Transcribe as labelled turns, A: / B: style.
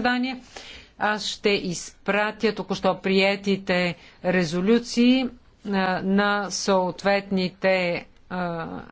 A: заседание. Аз ще изпратя току-що приетите резолюции на съответните